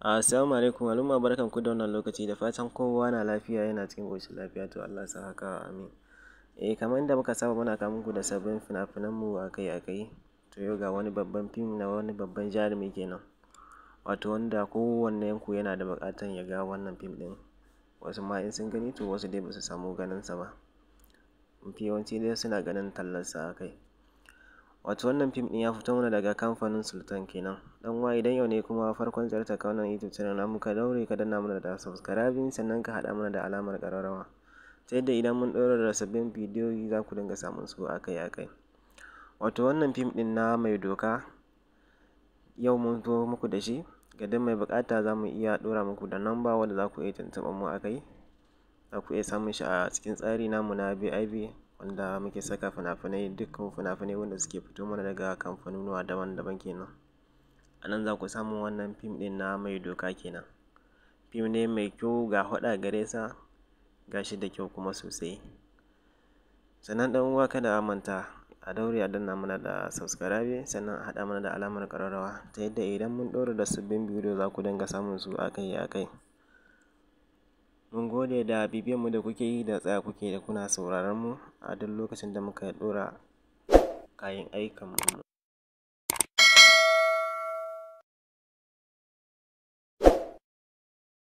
Assalamu alaikum al'umma barkan ku da wannan lokaci da fatan kowa na lafiya yana cikin goshin lafiya to Allah sa haka amin. Eh kamar yadda muka saba muna kawo muku da sabbin fina-finan mu akai akai to yau ga wani babban fim na wani babban jarumi kenan. Wato wanda kowanne yanku yana da buƙatan ya ga wannan fim ɗin wasu ma in sun gani to wasu dai ba su samu ganin sa ba. Mafi yawanci dai suna ganin tallar sa akai. wato wannan fim ɗin ya fito mana daga kamfanin sultan kenan dan uwa idan yau ne kuma farkon ziyartar ka wannan youtube channel namu ka daure ka danna mana da subscribe sannan ka haɗa mana da alamar ƙararrawa ta yadda idan mun ɗora da sabbin bidiyoyi za ku dinga samun su akai akai wato wannan fim ɗin na mai doka yau mun zo muku da shi ga duk mai buƙata za mu iya ɗora muku da namba wanda za ku iya tuntuɓar mu kai za ku iya samun shi a cikin tsari namu na bib wanda muke saka fina-finai dukkan fina-finai wanda suke fito mana daga kamfanunuwa daban-daban kenan. A nan za ku samu wannan fim ɗin na mai doka kenan. Fim ne mai kyau ga hoda gare sa ga shi da kyau kuma sosai. Sannan ɗan uwa kada a manta a daure a danna mana da subscribe sannan a haɗa mana da alamar ƙararrawa ta yadda idan mun ɗora da sabbin bidiyo za ku dinga samun su akai akai. Mun gode da bibiyanmu da kuke yi da tsaya kuke da kuna sauraron mu a duk lokacin da muka dora kayan aikanmu mu.